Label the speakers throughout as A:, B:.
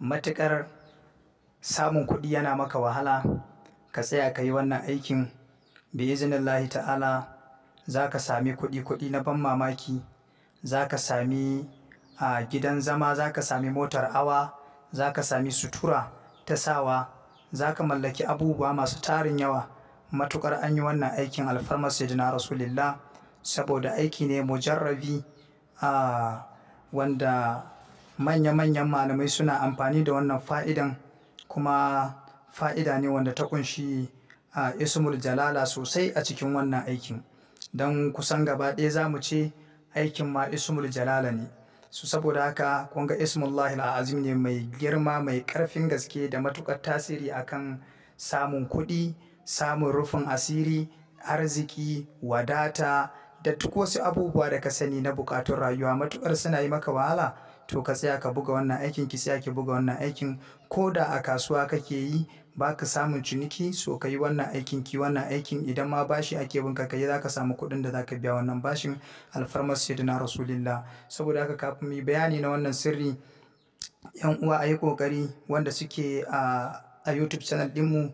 A: matuƙar samun kuɗi yana maka wahala ka tsaya ka yi wannan aikin bi lahi ta'ala za ka sami kuɗi kuɗi na ban mamaki za ka sami a gidan zama za ka sami motar awa za ka sami sutura ta sawa za ka mallaki abubuwa masu tarin yawa matuƙar an yi wannan aikin alfarmar sayyidina rasulillah saboda aiki ne mujarrabi a wanda manya-manyan malamai suna amfani da wannan fa'idan kuma fa'ida ne wanda ta ƙunshi a ismul jalala sosai a cikin wannan aikin don kusan gaba ɗaya za mu ce aikin ma ismul jalala ne su saboda haka kun ga ismullahi azim ne mai girma mai ƙarfin gaske da matuƙar tasiri akan samun kuɗi samun rufin asiri arziki wadata da duk wasu abubuwa da ka sani na buƙatun rayuwa matuƙar suna yi maka wahala to ka tsaya ka buga wannan aikin ki tsaya ki buga wannan aikin ko da a kasuwa kake yi ba ka samun ciniki so ka yi wannan aikin ki wannan aikin idan ma bashi ake bin ka yi za ka samu kuɗin da za ka biya wannan bashin alfarmar sayyidina rasulillah saboda haka kafin mu bayani na wannan sirri yan uwa a yi ƙoƙari wanda suke a youtube channel ɗinmu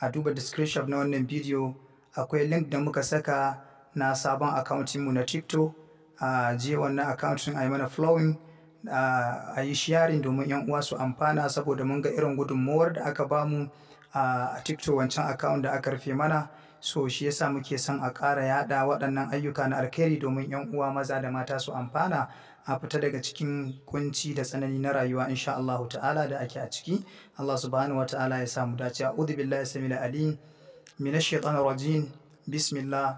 A: a duba description na wannan bidiyo akwai link da muka saka na sabon account mu na tiktok a je wannan account a yi mana flowing a yi sharing domin yan uwa su amfana saboda mun ga irin gudunmuwar da aka bamu a tiktok wancan akawun da aka rufe mana so shi yasa muke son a ƙara yada waɗannan ayyuka na alkhairi domin yan uwa maza da mata su amfana a fita daga cikin kunci da tsanani na rayuwa insha Allah ta'ala da ake a ciki Allah subhanahu wata'ala ya samu dace a'udhu billahi samil alim minash shaitanir rajim bismillah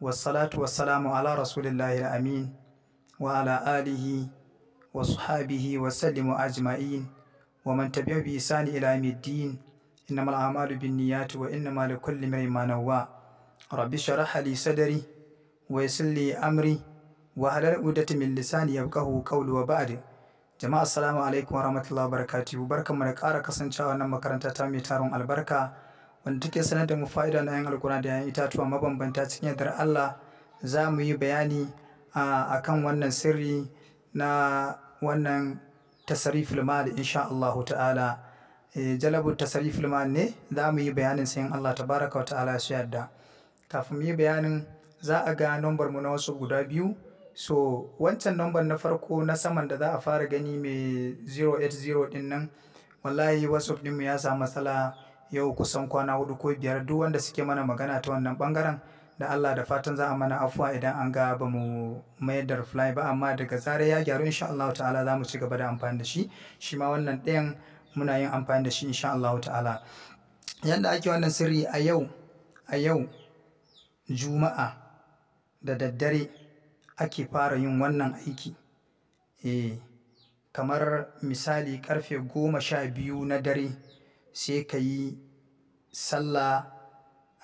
A: wassalatu wassalamu ala rasulillahi amin wa ala alihi وصحابه وسلم أجمعين ومن تبع بإحسان إلى يوم الدين إنما الأعمال بالنيات وإنما لكل امرئ ما نوى رب اشرح لي صدري ويسر لي أمري وهل عقدة من لساني يفقهوا قولي وبعد jama'a assalamu alaikum warahmatullahi wabarakatuh barkanmu da ƙara kasancewa na makaranta ta mai taron albarka wanda take sanar da mu fa'ida na yan alkura da yan itatuwa mabambanta cikin yardar Allah za mu yi bayani akan wannan sirri na wannan tasariful mal insha Allahu ta'ala eh, jalabu tasariful mal ne za mu yi bayanin sai Allah Allah tabaraka wa ta'ala ya yadda kafin mu yi bayanin za a ga number mu na wasu guda biyu so wancan number na farko na saman da za a fara gani mai 080 din nan wallahi wasu din mu ya samu matsala yau kusan kwana hudu ko biyar duk wanda suke mana magana ta wannan bangaren da Allah da fatan za a mana afuwa idan an ga ba mu mayar da reply ba amma daga zarar ya gyaru insha Allah ta'ala za mu ci gaba da amfani da shi shi ma wannan ɗayan muna yin amfani da shi insha Allah ta'ala yadda ake wannan sirri a yau a yau juma'a da daddare ake fara yin wannan aiki eh kamar misali karfe goma sha biyu na dare sai ka yi sallah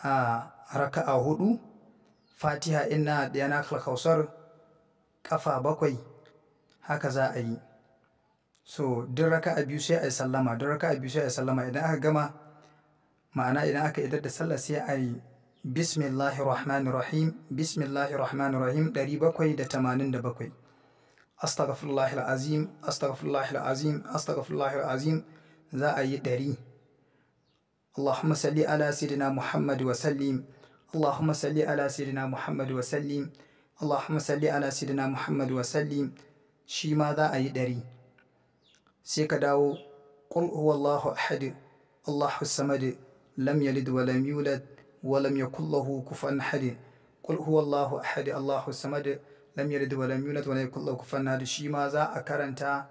A: a ah, raka'a hudu fatiha inna ɗayana kalkausar kafa bakwai haka za a yi so duk raka'a biyu sai a yi sallama duk raka'a biyu sai a yi sallama idan aka gama ma'ana idan aka idar da sallah sai a yi bismillahir rahmanir rahim bismillahir rahmanir rahim 787 astaghfirullahil azim astaghfirullahil azim astaghfirullahil azim za a yi 100 Allahumma salli ala sayidina Muhammad wa sallim اللهم صل على سيدنا محمد وسلم اللهم صل على سيدنا محمد وسلم shi ma za a yi ɗari sai ka dawo qul huwallahu ahad allahu samad lam yalid wa lam yulad wa lam yakul lahu kufuwan ahad lam wa lam wa lam shi ma za a karanta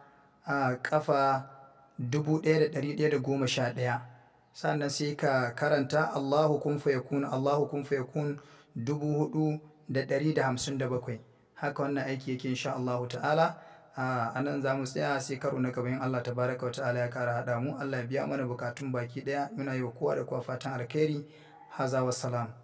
A: a sannan sai ka karanta Allahu kun yakun Allahu kun fa dubu hudu ɗari da hamsin da bakwai haka wannan aiki yake insha Allahu ta'ala a nan za mu tsaya sai karo na gaba gaban Allah tabaraka wa ta'ala ya kara haɗa mu Allah ya biya mana bukatun baki ɗaya muna yi wa kowa da kowa fatan alkhairi haza wassalam